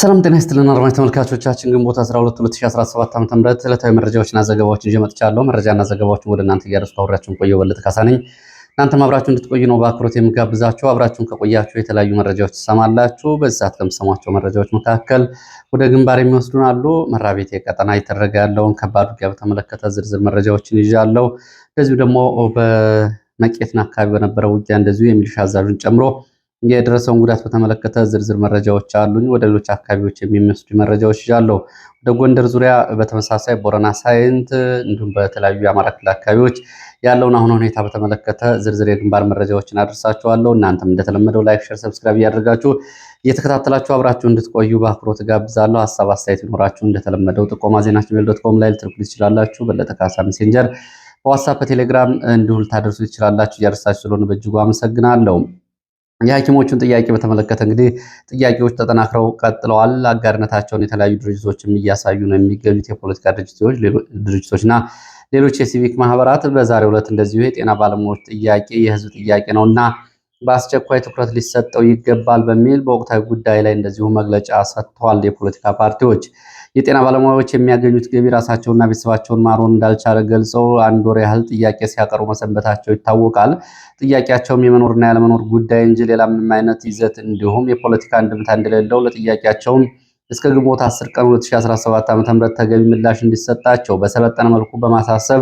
ሰላም ጤና ይስጥልን አድማጭ ተመልካቾቻችን፣ ግንቦት 12 2017 ዓ ም ዕለታዊ መረጃዎችና ዘገባዎችን ይዤ መጥቻለሁ። መረጃና ዘገባዎችን ወደ እናንተ እያደረስኩ አብሬያችሁን ቆየሁ። በለጠ ካሳ ነኝ። እናንተም አብራችሁ እንድትቆዩ ነው በአክብሮት የምጋብዛችሁ። አብራችሁን ከቆያችሁ የተለያዩ መረጃዎች ትሰማላችሁ። በዚህ ሰዓት ከምሰሟቸው መረጃዎች መካከል ወደ ግንባር የሚወስዱን አሉ። መራቤቴ ቀጠና እየተደረገ ያለውን ከባድ ውጊያ በተመለከተ ዝርዝር መረጃዎችን ይዣለሁ። እንደዚሁ ደግሞ በመቄትና አካባቢ በነበረው ውጊያ እንደዚሁ የሚሊሻ አዛዡን ጨምሮ የደረሰውን ጉዳት በተመለከተ ዝርዝር መረጃዎች አሉኝ። ወደ ሌሎች አካባቢዎች የሚመስዱ መረጃዎች ይዣለሁ። ወደ ጎንደር ዙሪያ በተመሳሳይ ቦረና ሳይንት፣ እንዲሁም በተለያዩ የአማራ ክልል አካባቢዎች ያለውን አሁን ሁኔታ በተመለከተ ዝርዝር የግንባር መረጃዎችን አድርሳችኋለሁ። እናንተም እንደተለመደው ላይክ፣ ሸር፣ ሰብስክራይብ እያደርጋችሁ እየተከታተላችሁ አብራችሁ እንድትቆዩ በአክብሮት ጋብዛለሁ። ሀሳብ አስተያየት ቢኖራችሁ እንደተለመደው ጥቆማ ዜና ጂሜል ዶት ኮም ላይ ልትልኩ ትችላላችሁ። በለጠ ካሳ ሜሴንጀር፣ በዋትሳፕ፣ በቴሌግራም እንዲሁ ልታደርሱ ትችላላችሁ። እያደርሳችሁ ስለሆነ በእጅጉ አመሰግናለሁ። የሐኪሞቹን ጥያቄ በተመለከተ እንግዲህ ጥያቄዎች ተጠናክረው ቀጥለዋል። አጋርነታቸውን የተለያዩ ድርጅቶችም እያሳዩ ነው የሚገኙት። የፖለቲካ ድርጅቶችና ሌሎች የሲቪክ ማህበራት በዛሬው ዕለት እንደዚሁ የጤና ባለሙያዎች ጥያቄ የህዝብ ጥያቄ ነውና በአስቸኳይ ትኩረት ሊሰጠው ይገባል በሚል በወቅታዊ ጉዳይ ላይ እንደዚሁ መግለጫ ሰጥተዋል። የፖለቲካ ፓርቲዎች የጤና ባለሙያዎች የሚያገኙት ገቢ ራሳቸውና ቤተሰባቸውን ማሮን እንዳልቻለ ገልጸው አንድ ወር ያህል ጥያቄ ሲያቀርቡ መሰንበታቸው ይታወቃል። ጥያቄያቸውም የመኖርና ያለመኖር ጉዳይ እንጂ ሌላ ምንም አይነት ይዘት እንዲሁም የፖለቲካ እንድምታ እንደሌለው ለጥያቄያቸውም እስከ ግንቦት 10 ቀን 2017 ዓ.ም ተገቢ ምላሽ እንዲሰጣቸው በሰለጠነ መልኩ በማሳሰብ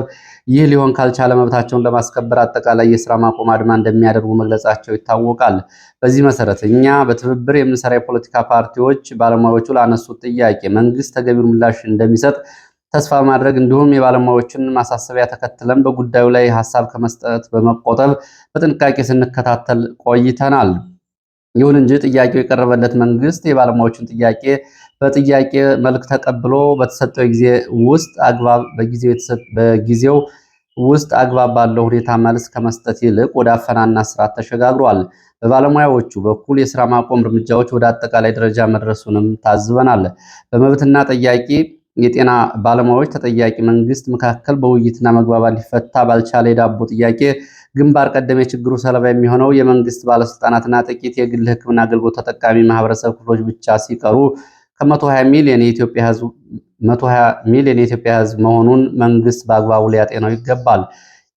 ይህ ሊሆን ካልቻለ መብታቸውን ለማስከበር አጠቃላይ የስራ ማቆም አድማ እንደሚያደርጉ መግለጻቸው ይታወቃል። በዚህ መሰረት እኛ በትብብር የምንሰራ የፖለቲካ ፓርቲዎች ባለሙያዎቹ ላነሱት ጥያቄ መንግስት ተገቢውን ምላሽ እንደሚሰጥ ተስፋ ማድረግ እንዲሁም የባለሙያዎችን ማሳሰቢያ ተከትለን በጉዳዩ ላይ ሀሳብ ከመስጠት በመቆጠብ በጥንቃቄ ስንከታተል ቆይተናል። ይሁን እንጂ ጥያቄው የቀረበለት መንግስት የባለሙያዎቹን ጥያቄ በጥያቄ መልክ ተቀብሎ በተሰጠው ጊዜ ውስጥ አግባብ በጊዜው ውስጥ አግባብ ባለው ሁኔታ መልስ ከመስጠት ይልቅ ወደ አፈናና ስርዓት ተሸጋግሯል። በባለሙያዎቹ በኩል የስራ ማቆም እርምጃዎች ወደ አጠቃላይ ደረጃ መድረሱንም ታዝበናል። በመብትና ጠያቂ የጤና ባለሙያዎች ተጠያቂ መንግስት መካከል በውይይትና መግባባት ሊፈታ ባልቻለ የዳቦ ጥያቄ ግንባር ቀደም የችግሩ ሰለባ የሚሆነው የመንግስት ባለስልጣናትና ጥቂት የግል ሕክምና አገልግሎት ተጠቃሚ ማህበረሰብ ክፍሎች ብቻ ሲቀሩ ከ120 ሚሊዮን የኢትዮጵያ ሕዝብ 120 ሚሊዮን የኢትዮጵያ ሕዝብ መሆኑን መንግስት በአግባቡ ሊያጤነው ይገባል።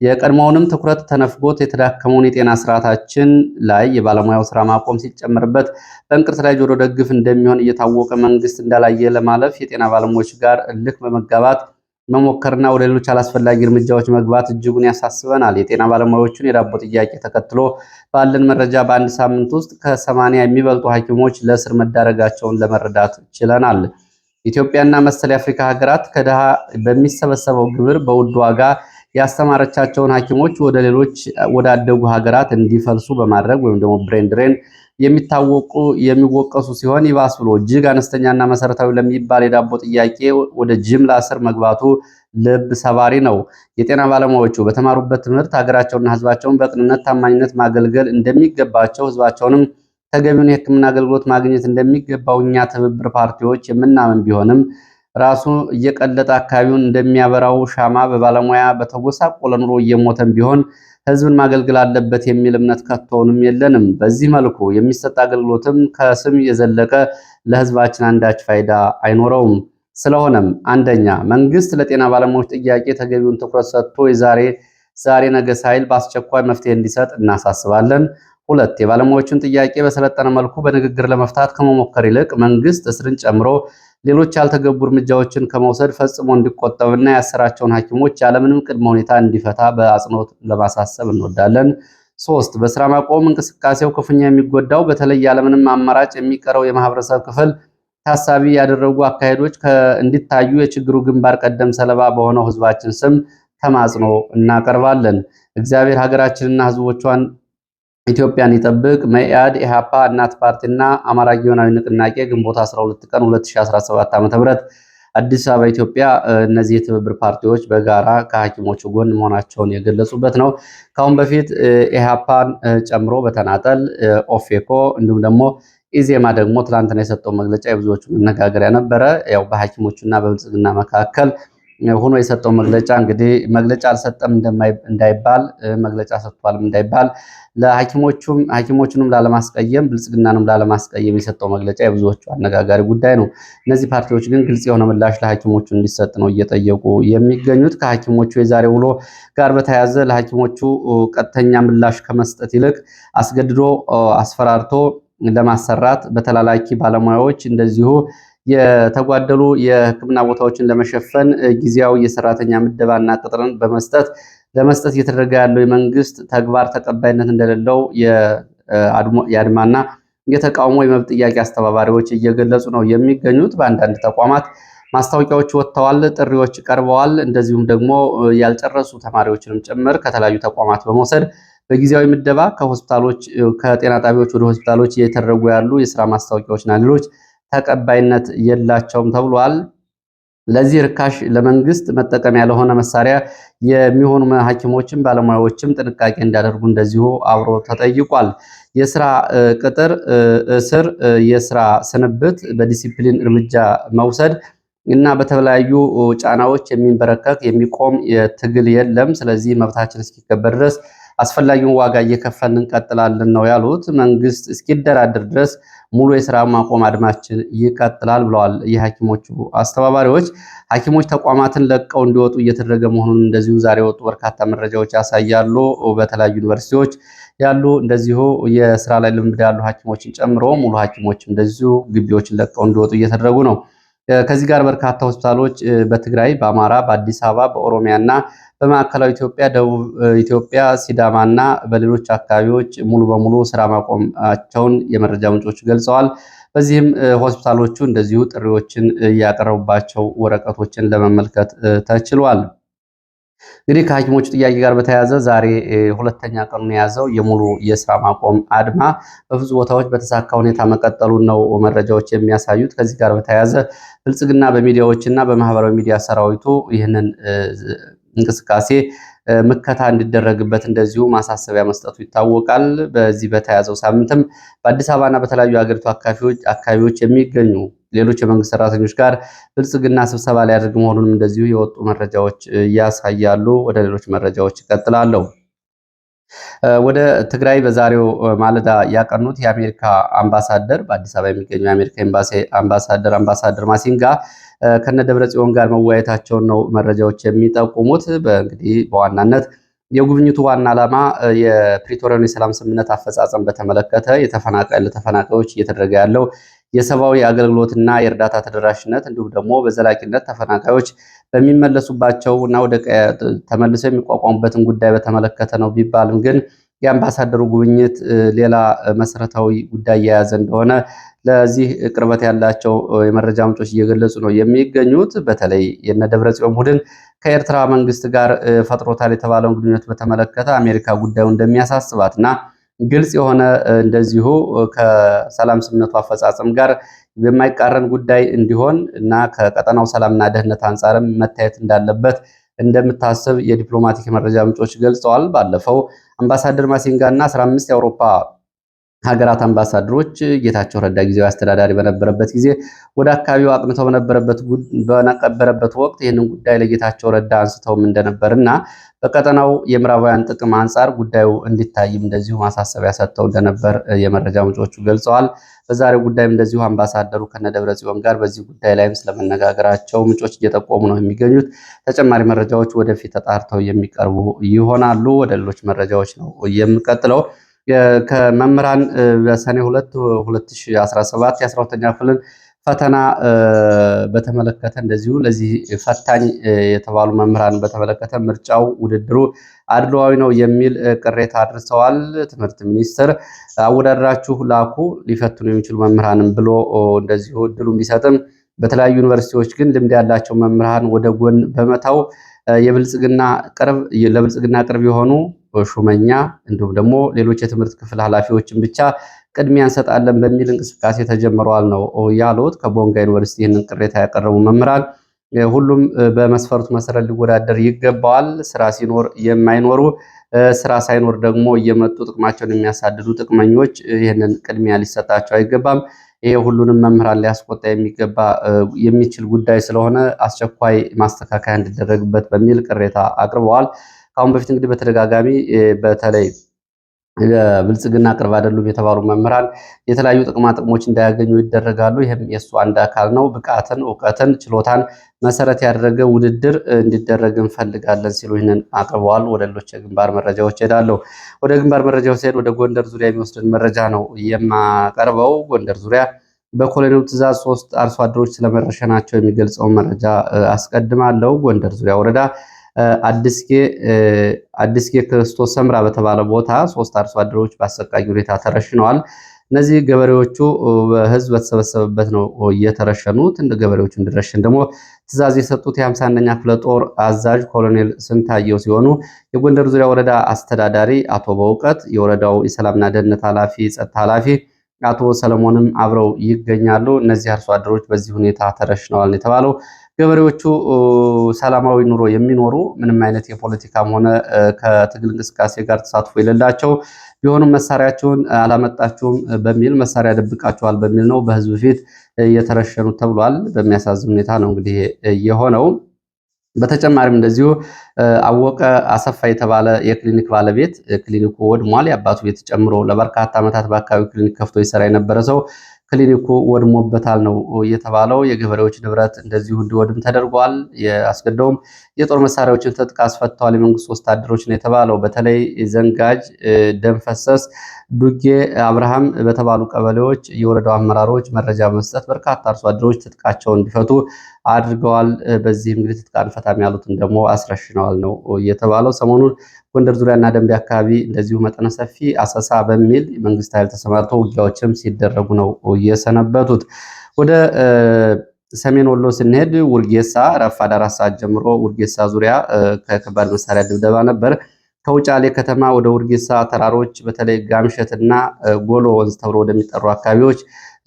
የቀድሞውንም ትኩረት ተነፍጎት የተዳከመውን የጤና ስርዓታችን ላይ የባለሙያው ስራ ማቆም ሲጨመርበት በእንቅርት ላይ ጆሮ ደግፍ እንደሚሆን እየታወቀ መንግስት እንዳላየ ለማለፍ የጤና ባለሙያዎች ጋር እልክ በመጋባት መሞከርና ወደ ሌሎች አላስፈላጊ እርምጃዎች መግባት እጅጉን ያሳስበናል። የጤና ባለሙያዎቹን የዳቦ ጥያቄ ተከትሎ ባለን መረጃ በአንድ ሳምንት ውስጥ ከሰማንያ የሚበልጡ ሐኪሞች ለእስር መዳረጋቸውን ለመረዳት ችለናል። ኢትዮጵያና መሰል የአፍሪካ ሀገራት ከድሃ በሚሰበሰበው ግብር በውድ ዋጋ ያስተማረቻቸውን ሐኪሞች ወደ ሌሎች ወዳደጉ ሀገራት እንዲፈልሱ በማድረግ ወይም ደግሞ ብሬንድሬን የሚታወቁ የሚወቀሱ ሲሆን ይባስ ብሎ እጅግ አነስተኛና መሰረታዊ ለሚባል የዳቦ ጥያቄ ወደ ጅምላ ስር መግባቱ ልብ ሰባሪ ነው። የጤና ባለሙያዎቹ በተማሩበት ትምህርት ሀገራቸውና ህዝባቸውን በቅንነት ታማኝነት ማገልገል እንደሚገባቸው ህዝባቸውንም ተገቢውን የህክምና አገልግሎት ማግኘት እንደሚገባው እኛ ትብብር ፓርቲዎች የምናምን ቢሆንም ራሱ እየቀለጠ አካባቢውን እንደሚያበራው ሻማ በባለሙያ በተጎሳቆለ ኑሮ እየሞተን ቢሆን ህዝብን ማገልገል አለበት የሚል እምነት ከቶውንም የለንም። በዚህ መልኩ የሚሰጥ አገልግሎትም ከስም የዘለቀ ለህዝባችን አንዳች ፋይዳ አይኖረውም። ስለሆነም አንደኛ መንግስት ለጤና ባለሙያዎች ጥያቄ ተገቢውን ትኩረት ሰጥቶ የዛሬ ዛሬ ነገ ሳይል በአስቸኳይ መፍትሄ እንዲሰጥ እናሳስባለን። ሁለት የባለሙያዎችን ጥያቄ በሰለጠነ መልኩ በንግግር ለመፍታት ከመሞከር ይልቅ መንግስት እስርን ጨምሮ ሌሎች ያልተገቡ እርምጃዎችን ከመውሰድ ፈጽሞ እንዲቆጠብና ያሰራቸውን ሐኪሞች ያለምንም ቅድመ ሁኔታ እንዲፈታ በአጽንኦት ለማሳሰብ እንወዳለን። ሶስት በስራ ማቆም እንቅስቃሴው ክፉኛ የሚጎዳው በተለይ ያለምንም አማራጭ የሚቀረው የማህበረሰብ ክፍል ታሳቢ ያደረጉ አካሄዶች እንዲታዩ የችግሩ ግንባር ቀደም ሰለባ በሆነው ህዝባችን ስም ተማጽኖ እናቀርባለን። እግዚአብሔር ሀገራችንና ህዝቦቿን ኢትዮጵያን ይጠብቅ መኢአድ፣ ኢሃፓ፣ እናት ፓርቲና አማራ ጊዮናዊ ንቅናቄ ግንቦት 12 ቀን 2017 ዓ.ም አዲስ አበባ ኢትዮጵያ። እነዚህ የትብብር ፓርቲዎች በጋራ ከሐኪሞቹ ጎን መሆናቸውን የገለጹበት ነው። ከአሁን በፊት ኢሃፓን ጨምሮ በተናጠል ኦፌኮ እንዲሁም ደግሞ ኢዜማ ደግሞ ትላንትና የሰጠው መግለጫ የብዙዎቹ መነጋገሪያ ነበረ። ያው በሐኪሞቹና በብልጽግና መካከል ሆኖ የሰጠው መግለጫ እንግዲህ መግለጫ አልሰጠም እንዳይባል መግለጫ ሰጥቷልም እንዳይባል ለሐኪሞቹም ሐኪሞቹንም ላለማስቀየም ብልጽግናንም ላለማስቀየም የሰጠው መግለጫ የብዙዎቹ አነጋጋሪ ጉዳይ ነው። እነዚህ ፓርቲዎች ግን ግልጽ የሆነ ምላሽ ለሐኪሞቹ እንዲሰጥ ነው እየጠየቁ የሚገኙት። ከሐኪሞቹ የዛሬ ውሎ ጋር በተያያዘ ለሐኪሞቹ ቀጥተኛ ምላሽ ከመስጠት ይልቅ አስገድዶ አስፈራርቶ ለማሰራት በተላላኪ ባለሙያዎች እንደዚሁ የተጓደሉ የሕክምና ቦታዎችን ለመሸፈን ጊዜያዊ የሰራተኛ ምደባና ቅጥርን በመስጠት ለመስጠት እየተደረገ ያለው የመንግስት ተግባር ተቀባይነት እንደሌለው የአድማና የተቃውሞ የመብት ጥያቄ አስተባባሪዎች እየገለጹ ነው የሚገኙት። በአንዳንድ ተቋማት ማስታወቂያዎች ወጥተዋል፣ ጥሪዎች ቀርበዋል። እንደዚሁም ደግሞ ያልጨረሱ ተማሪዎችንም ጭምር ከተለያዩ ተቋማት በመውሰድ በጊዜያዊ ምደባ ከሆስፒታሎች ከጤና ጣቢያዎች ወደ ሆስፒታሎች እየተደረጉ ያሉ የስራ ማስታወቂያዎችና ሌሎች ተቀባይነት የላቸውም ተብሏል። ለዚህ ርካሽ ለመንግስት መጠቀሚያ ለሆነ መሳሪያ የሚሆኑ ሐኪሞችም ባለሙያዎችም ጥንቃቄ እንዲያደርጉ እንደዚሁ አብሮ ተጠይቋል። የስራ ቅጥር፣ እስር፣ የስራ ስንብት፣ በዲሲፕሊን እርምጃ መውሰድ እና በተለያዩ ጫናዎች የሚንበረከክ የሚቆም ትግል የለም። ስለዚህ መብታችን እስኪከበር ድረስ አስፈላጊውን ዋጋ እየከፈልን እንቀጥላለን ነው ያሉት። መንግስት እስኪደራደር ድረስ ሙሉ የስራ ማቆም አድማችን ይቀጥላል ብለዋል የሐኪሞቹ አስተባባሪዎች። ሐኪሞች ተቋማትን ለቀው እንዲወጡ እየተደረገ መሆኑን እንደዚሁ ዛሬ የወጡ በርካታ መረጃዎች ያሳያሉ። በተለያዩ ዩኒቨርሲቲዎች ያሉ እንደዚሁ የስራ ላይ ልምድ ያሉ ሐኪሞችን ጨምሮ ሙሉ ሐኪሞች እንደዚሁ ግቢዎችን ለቀው እንዲወጡ እየተደረጉ ነው። ከዚህ ጋር በርካታ ሆስፒታሎች በትግራይ፣ በአማራ፣ በአዲስ አበባ፣ በኦሮሚያ እና በማዕከላዊ ኢትዮጵያ፣ ደቡብ ኢትዮጵያ፣ ሲዳማ እና በሌሎች አካባቢዎች ሙሉ በሙሉ ስራ ማቆማቸውን የመረጃ ምንጮቹ ገልጸዋል። በዚህም ሆስፒታሎቹ እንደዚሁ ጥሪዎችን እያቀረቡባቸው ወረቀቶችን ለመመልከት ተችሏል። እንግዲህ ከሐኪሞቹ ጥያቄ ጋር በተያያዘ ዛሬ ሁለተኛ ቀኑን የያዘው የሙሉ የስራ ማቆም አድማ በብዙ ቦታዎች በተሳካ ሁኔታ መቀጠሉን ነው መረጃዎች የሚያሳዩት። ከዚህ ጋር በተያያዘ ብልጽግና በሚዲያዎች እና በማህበራዊ ሚዲያ ሰራዊቱ ይህንን እንቅስቃሴ ምከታ እንዲደረግበት እንደዚሁ ማሳሰቢያ መስጠቱ ይታወቃል። በዚህ በተያዘው ሳምንትም በአዲስ አበባና በተለያዩ የሀገሪቱ አካባቢዎች የሚገኙ ሌሎች የመንግስት ሰራተኞች ጋር ብልጽግና ስብሰባ ሊያደርግ መሆኑንም እንደዚሁ የወጡ መረጃዎች ያሳያሉ። ወደ ሌሎች መረጃዎች ይቀጥላለሁ። ወደ ትግራይ በዛሬው ማለዳ ያቀኑት የአሜሪካ አምባሳደር በአዲስ አበባ የሚገኙ የአሜሪካ ኤምባሲ አምባሳደር አምባሳደር ማሲንጋ ከነደብረ ጽዮን ጋር መወያየታቸውን ነው መረጃዎች የሚጠቁሙት። በእንግዲህ በዋናነት የጉብኝቱ ዋና ዓላማ የፕሪቶሪያን የሰላም ስምምነት አፈጻጸም በተመለከተ የተፈናቃይ ለተፈናቃዮች እየተደረገ ያለው የሰብአዊ አገልግሎትና የእርዳታ ተደራሽነት እንዲሁም ደግሞ በዘላቂነት ተፈናቃዮች በሚመለሱባቸው እና ወደ ተመልሰው የሚቋቋሙበትን ጉዳይ በተመለከተ ነው ቢባልም ግን የአምባሳደሩ ጉብኝት ሌላ መሰረታዊ ጉዳይ የያዘ እንደሆነ ለዚህ ቅርበት ያላቸው የመረጃ ምንጮች እየገለጹ ነው የሚገኙት። በተለይ የነ ደብረጽዮን ቡድን ከኤርትራ መንግስት ጋር ፈጥሮታል የተባለውን ግንኙነት በተመለከተ አሜሪካ ጉዳዩ እንደሚያሳስባት እና ግልጽ የሆነ እንደዚሁ ከሰላም ስምነቱ አፈጻጸም ጋር የማይቃረን ጉዳይ እንዲሆን እና ከቀጠናው ሰላምና ደህንነት አንጻርም መታየት እንዳለበት እንደምታስብ የዲፕሎማቲክ መረጃ ምንጮች ገልጸዋል። ባለፈው አምባሳደር ማሲንጋ እና 15 የአውሮፓ ሀገራት አምባሳደሮች ጌታቸው ረዳ ጊዜያዊ አስተዳዳሪ በነበረበት ጊዜ ወደ አካባቢው አቅንተው በነበረበት ወቅት ይህንን ጉዳይ ለጌታቸው ረዳ አንስተውም እንደነበር እና በቀጠናው የምዕራባውያን ጥቅም አንጻር ጉዳዩ እንዲታይም እንደዚሁ ማሳሰቢያ ሰጥተው እንደነበር የመረጃ ምንጮቹ ገልጸዋል። በዛሬው ጉዳይም እንደዚሁ አምባሳደሩ ከነደብረ ጽዮን ጋር በዚህ ጉዳይ ላይም ስለመነጋገራቸው ምንጮች እየጠቆሙ ነው የሚገኙት። ተጨማሪ መረጃዎች ወደፊት ተጣርተው የሚቀርቡ ይሆናሉ። ወደ ሌሎች መረጃዎች ነው የምቀጥለው። ከመምህራን በሰኔ 2 2017 የ12ኛ ክፍልን ፈተና በተመለከተ እንደዚሁ ለዚህ ፈታኝ የተባሉ መምህራን በተመለከተ ምርጫው ውድድሩ አድሏዊ ነው የሚል ቅሬታ አድርሰዋል። ትምህርት ሚኒስትር አወዳድራችሁ ላኩ ሊፈትኑ የሚችሉ መምህራንም ብሎ እንደዚሁ እድሉን ቢሰጥም በተለያዩ ዩኒቨርሲቲዎች ግን ልምድ ያላቸው መምህራን ወደ ጎን በመታው የብልጽግና ቅርብ ለብልጽግና ቅርብ የሆኑ ሹመኛ እንዲሁም ደግሞ ሌሎች የትምህርት ክፍል ኃላፊዎችን ብቻ ቅድሚያ እንሰጣለን በሚል እንቅስቃሴ ተጀምረዋል ነው ያሉት። ከቦንጋ ዩኒቨርሲቲ ይህንን ቅሬታ ያቀረቡ መምህራን ሁሉም በመስፈርቱ መሰረት ሊወዳደር ይገባዋል። ስራ ሲኖር የማይኖሩ ስራ ሳይኖር ደግሞ እየመጡ ጥቅማቸውን የሚያሳድዱ ጥቅመኞች ይህንን ቅድሚያ ሊሰጣቸው አይገባም። ይሄ ሁሉንም መምህራን ሊያስቆጣ የሚገባ የሚችል ጉዳይ ስለሆነ አስቸኳይ ማስተካከያ እንዲደረግበት በሚል ቅሬታ አቅርበዋል። ከአሁን በፊት እንግዲህ በተደጋጋሚ በተለይ ለብልጽግና ቅርብ አይደሉም የተባሉ መምህራን የተለያዩ ጥቅማ ጥቅሞች እንዳያገኙ ይደረጋሉ። ይህም የእሱ አንድ አካል ነው። ብቃትን፣ እውቀትን፣ ችሎታን መሰረት ያደረገ ውድድር እንዲደረግ እንፈልጋለን ሲሉ ይህንን አቅርበዋል። ወደ ሌሎች የግንባር መረጃዎች ሄዳለሁ። ወደ ግንባር መረጃዎች ሲሄድ ወደ ጎንደር ዙሪያ የሚወስድን መረጃ ነው የማቀርበው። ጎንደር ዙሪያ በኮሎኔሉ ትእዛዝ ሶስት አርሶ አደሮች ስለመረሸናቸው የሚገልጸውን መረጃ አስቀድማለሁ። ጎንደር ዙሪያ ወረዳ አዲስጌ ክርስቶስ ሰምራ በተባለ ቦታ ሶስት አርሶ አደሮች በአሰቃቂ ሁኔታ ተረሽነዋል። እነዚህ ገበሬዎቹ በህዝብ በተሰበሰበበት ነው እየተረሸኑት። እንደ ገበሬዎቹ እንድረሽን ደግሞ ትእዛዝ የሰጡት የሃምሳ አንደኛ ክፍለ ጦር አዛዥ ኮሎኔል ስንታየው ሲሆኑ የጎንደር ዙሪያ ወረዳ አስተዳዳሪ አቶ በእውቀት፣ የወረዳው የሰላምና ደህንነት ኃላፊ፣ ጸጥታ ኃላፊ አቶ ሰለሞንም አብረው ይገኛሉ። እነዚህ አርሶ አደሮች በዚህ ሁኔታ ተረሽነዋል የተባለው ገበሬዎቹ ሰላማዊ ኑሮ የሚኖሩ ምንም አይነት የፖለቲካም ሆነ ከትግል እንቅስቃሴ ጋር ተሳትፎ የሌላቸው ቢሆኑም መሳሪያቸውን አላመጣችሁም በሚል መሳሪያ ደብቃቸዋል በሚል ነው በህዝብ ፊት እየተረሸኑ ተብሏል። በሚያሳዝን ሁኔታ ነው እንግዲህ የሆነው። በተጨማሪም እንደዚሁ አወቀ አሰፋ የተባለ የክሊኒክ ባለቤት ክሊኒኩ ወድሟል፣ የአባቱ ቤት ጨምሮ ለበርካታ ዓመታት በአካባቢው ክሊኒክ ከፍቶ ይሰራ የነበረ ሰው ክሊኒኩ ወድሞበታል ነው የተባለው። የገበሬዎች ንብረት እንደዚሁ እንዲወድም ተደርጓል። አስገድደውም የጦር መሳሪያዎችን ትጥቅ አስፈትተዋል የመንግስት ወታደሮች ነው የተባለው። በተለይ ዘንጋጅ፣ ደንፈሰስ፣ ዱጌ፣ አብርሃም በተባሉ ቀበሌዎች የወረዳው አመራሮች መረጃ በመስጠት በርካታ አርሶ አደሮች ትጥቃቸውን እንዲፈቱ አድርገዋል። በዚህም እንግዲህ ትጥቅ አንፈታም ያሉትን ደግሞ አስረሽነዋል ነው የተባለው ሰሞኑን ጎንደር ዙሪያና ደንቢ አካባቢ እንደዚሁ መጠነ ሰፊ አሰሳ በሚል መንግስት ኃይል ተሰማርቶ ውጊያዎችም ሲደረጉ ነው እየሰነበቱት። ወደ ሰሜን ወሎ ስንሄድ ውርጌሳ ረፋድ አራት ሰዓት ጀምሮ ውርጌሳ ዙሪያ ከከባድ መሳሪያ ድብደባ ነበር። ከውጫሌ ከተማ ወደ ውርጌሳ ተራሮች በተለይ ጋምሸትና ጎሎ ወንዝ ተብሎ ወደሚጠሩ አካባቢዎች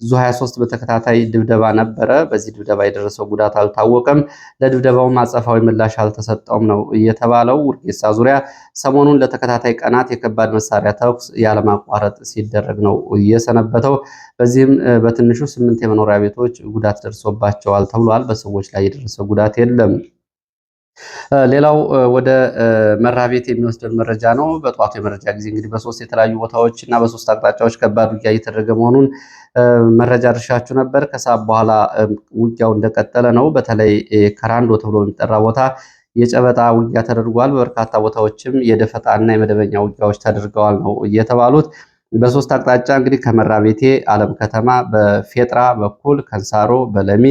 ዙ 23 በተከታታይ ድብደባ ነበረ። በዚህ ድብደባ የደረሰው ጉዳት አልታወቀም። ለድብደባውም አጸፋዊ ምላሽ አልተሰጠውም ነው የተባለው። ውርጌሳ ዙሪያ ሰሞኑን ለተከታታይ ቀናት የከባድ መሳሪያ ተኩስ ያለማቋረጥ ሲደረግ ነው እየሰነበተው። በዚህም በትንሹ ስምንት የመኖሪያ ቤቶች ጉዳት ደርሶባቸዋል ተብሏል። በሰዎች ላይ የደረሰ ጉዳት የለም። ሌላው ወደ መራቤቴ የሚወስደን መረጃ ነው። በጠዋቱ የመረጃ ጊዜ እንግዲህ በሶስት የተለያዩ ቦታዎች እና በሶስት አቅጣጫዎች ከባድ ውጊያ እየተደረገ መሆኑን መረጃ ድርሻችሁ ነበር። ከሰዓት በኋላ ውጊያው እንደቀጠለ ነው። በተለይ ከራንዶ ተብሎ በሚጠራ ቦታ የጨበጣ ውጊያ ተደርጓል። በበርካታ ቦታዎችም የደፈጣ እና የመደበኛ ውጊያዎች ተደርገዋል ነው እየተባሉት። በሶስት አቅጣጫ እንግዲህ ከመራቤቴ አለም ከተማ በፌጥራ በኩል ከንሳሮ በለሚ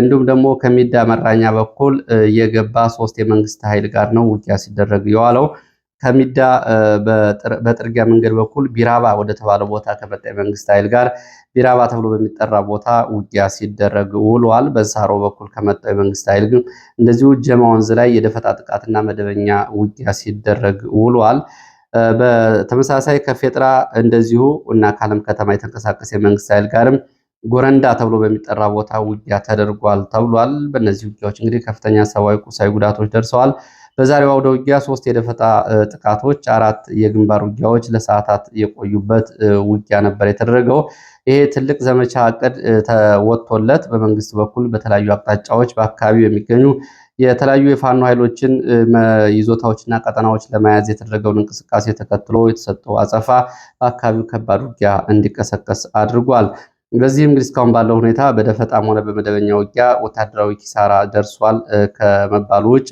እንዲሁም ደግሞ ከሚዳ መራኛ በኩል የገባ ሶስት የመንግስት ኃይል ጋር ነው ውጊያ ሲደረግ የዋለው። ከሚዳ በጥርጊያ መንገድ በኩል ቢራባ ወደተባለ ቦታ ከመጣ የመንግስት ኃይል ጋር ቢራባ ተብሎ በሚጠራ ቦታ ውጊያ ሲደረግ ውሏል። በሳሮ በኩል ከመጣው የመንግስት ኃይል ግን እንደዚሁ ጀማ ወንዝ ላይ የደፈጣ ጥቃትና መደበኛ ውጊያ ሲደረግ ውሏል። በተመሳሳይ ከፌጥራ እንደዚሁ እና ከአለም ከተማ የተንቀሳቀሰ የመንግስት ኃይል ጋርም ጎረንዳ ተብሎ በሚጠራ ቦታ ውጊያ ተደርጓል ተብሏል። በእነዚህ ውጊያዎች እንግዲህ ከፍተኛ ሰብአዊ፣ ቁሳዊ ጉዳቶች ደርሰዋል። በዛሬው አውደ ውጊያ ሶስት የደፈጣ ጥቃቶች፣ አራት የግንባር ውጊያዎች ለሰዓታት የቆዩበት ውጊያ ነበር የተደረገው። ይሄ ትልቅ ዘመቻ እቅድ ተወጥቶለት በመንግስት በኩል በተለያዩ አቅጣጫዎች በአካባቢው የሚገኙ የተለያዩ የፋኖ ኃይሎችን ይዞታዎችና ቀጠናዎች ለመያዝ የተደረገውን እንቅስቃሴ ተከትሎ የተሰጠው አጸፋ በአካባቢው ከባድ ውጊያ እንዲቀሰቀስ አድርጓል። በዚህም እንግዲህ እስካሁን ባለው ሁኔታ በደፈጣም ሆነ በመደበኛ ውጊያ ወታደራዊ ኪሳራ ደርሷል ከመባሉ ውጭ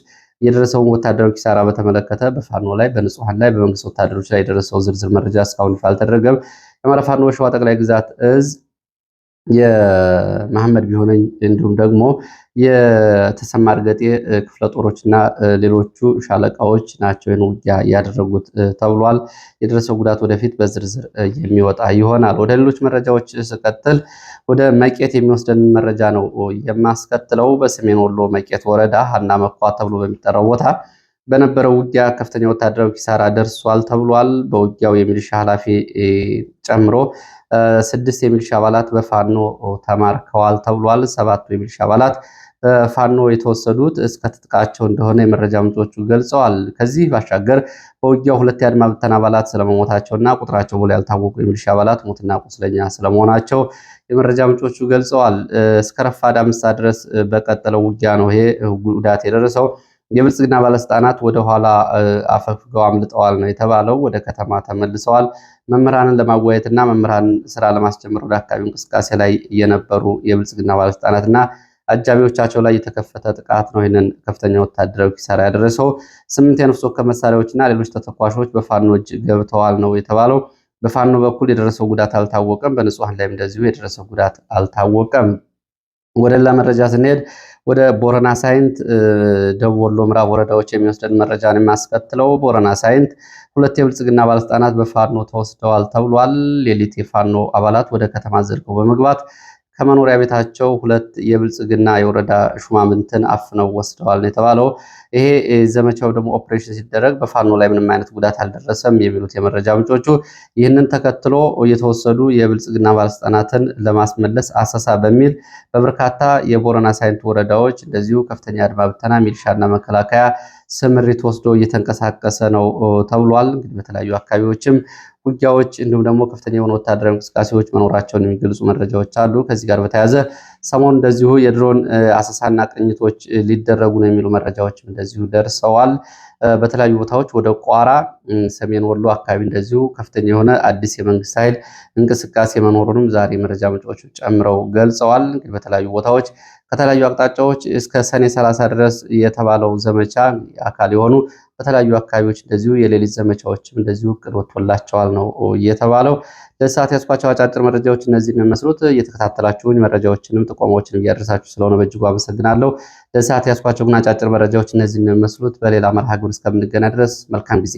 የደረሰውን ወታደራዊ ኪሳራ በተመለከተ በፋኖ ላይ በንጹሐን ላይ በመንግስት ወታደሮች ላይ የደረሰው ዝርዝር መረጃ እስካሁን ይፋ አልተደረገም። የአማራ ፋኖ ሸዋ ጠቅላይ ግዛት እዝ የመሐመድ ቢሆነኝ እንዲሁም ደግሞ የተሰማ እርገጤ ክፍለ ጦሮች እና ሌሎቹ ሻለቃዎች ናቸው ይህን ውጊያ ያደረጉት ተብሏል። የደረሰው ጉዳት ወደፊት በዝርዝር የሚወጣ ይሆናል። ወደ ሌሎች መረጃዎች ስቀጥል ወደ መቄት የሚወስደን መረጃ ነው የማስከትለው። በሰሜን ወሎ መቄት ወረዳ ሀና መኳ ተብሎ በሚጠራው ቦታ በነበረው ውጊያ ከፍተኛ ወታደራዊ ኪሳራ ደርሷል ተብሏል። በውጊያው የሚሊሻ ኃላፊ ጨምሮ ስድስት የሚሊሻ አባላት በፋኖ ተማርከዋል ተብሏል። ሰባቱ የሚሊሻ አባላት በፋኖ የተወሰዱት እስከ ትጥቃቸው እንደሆነ የመረጃ ምንጮቹ ገልጸዋል። ከዚህ ባሻገር በውጊያው ሁለት የአድማ ብተና አባላት ስለመሞታቸውና ቁጥራቸው በላይ ያልታወቁ የሚሊሻ አባላት ሞትና ቁስለኛ ስለመሆናቸው የመረጃ ምንጮቹ ገልጸዋል። እስከ ረፋድ አምስት ድረስ በቀጠለው ውጊያ ነው ይሄ ጉዳት የደረሰው። የብልጽግና ባለስልጣናት ወደኋላ አፈግፍገው አምልጠዋል ነው የተባለው። ወደ ከተማ ተመልሰዋል። መምህራንን እና መምህራንን ስራ ለማስጀመር ወደ አካባቢው እንቅስቃሴ ላይ የነበሩ የብልጽግና እና አጃቢዎቻቸው ላይ የተከፈተ ጥቃት ነው ይህንን ከፍተኛ ወታደራዊ ኪሳራ ያደረሰው። ስምንት የነፍስ ወከፍ መሳሪያዎችና ሌሎች ተተኳሾች በፋኖ እጅ ገብተዋል ነው የተባለው። በፋኖ በኩል የደረሰው ጉዳት አልታወቀም። በንጹሐን ላይም እንደዚሁ የደረሰው ጉዳት አልታወቀም። ወደ ሌላ መረጃ ስንሄድ ወደ ቦረና ሳይንት፣ ደቡብ ወሎ ምዕራብ ወረዳዎች የሚወስደን መረጃ ነው የሚያስከትለው። ቦረና ሳይንት ሁለት የብልጽግና ባለስልጣናት በፋኖ ተወስደዋል ተብሏል። ሌሊት የፋኖ አባላት ወደ ከተማ ዘልቀው በመግባት ከመኖሪያ ቤታቸው ሁለት የብልጽግና የወረዳ ሹማምንትን አፍነው ወስደዋል ነው የተባለው። ይሄ ዘመቻው ደግሞ ኦፕሬሽን ሲደረግ በፋኖ ላይ ምንም አይነት ጉዳት አልደረሰም የሚሉት የመረጃ ምንጮቹ፣ ይህንን ተከትሎ የተወሰዱ የብልጽግና ባለስልጣናትን ለማስመለስ አሰሳ በሚል በበርካታ የቦረና ሳይንት ወረዳዎች እንደዚሁ ከፍተኛ አድማ ብተና ሚሊሻና መከላከያ ስምሪት ወስዶ እየተንቀሳቀሰ ነው ተብሏል። እንግዲህ በተለያዩ አካባቢዎችም ውጊያዎች እንዲሁም ደግሞ ከፍተኛ የሆኑ ወታደራዊ እንቅስቃሴዎች መኖራቸውን የሚገልጹ መረጃዎች አሉ። ከዚህ ጋር በተያያዘ ሰሞኑ እንደዚሁ የድሮን አሰሳና ቅኝቶች ሊደረጉ ነው የሚሉ መረጃዎችም እንደዚሁ ደርሰዋል። በተለያዩ ቦታዎች ወደ ቋራ፣ ሰሜን ወሎ አካባቢ እንደዚሁ ከፍተኛ የሆነ አዲስ የመንግስት ኃይል እንቅስቃሴ መኖሩንም ዛሬ መረጃ ምንጮቹ ጨምረው ገልጸዋል። እንግዲህ በተለያዩ ቦታዎች ከተለያዩ አቅጣጫዎች እስከ ሰኔ ሰላሳ ድረስ የተባለው ዘመቻ አካል የሆኑ በተለያዩ አካባቢዎች እንደዚሁ የሌሊት ዘመቻዎችም እንደዚሁ እቅድ ወጥቶላቸዋል ነው እየተባለው። ለሰዓት ያስኳቸው አጫጭር መረጃዎች እነዚህ የሚመስሉት። እየተከታተላችሁኝ መረጃዎችንም ጥቆማዎችን እያደረሳችሁ ስለሆነ በእጅጉ አመሰግናለሁ። ለሰዓት ያስኳቸው ግን አጫጭር መረጃዎች እነዚህ የሚመስሉት። በሌላ መርሃ ግብር እስከምንገናኝ ድረስ መልካም ጊዜ